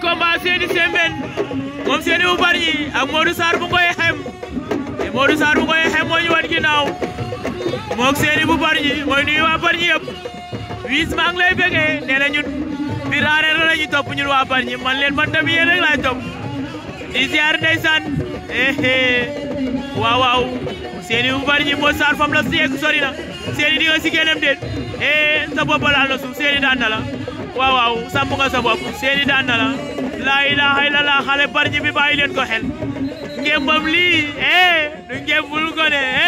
seen combat Seny Sembène moom Seny bu bari ñi ak Modou Sarr bu koy xem te Modou Sarr bu koy xem moo ñu wan ginnaaw mook Seny bu bari ñi mooy nuyu waa bari ñi yëpp wiis maa ngi lay bëggee nee na ñun biir aareer la ñu di si waaw waaw sàmm nga sa bopp seeni daan na la laa ilaaha illallah xale bari ñi bi bàyyi leen ko xel ngembam lii eh du ngembul ko de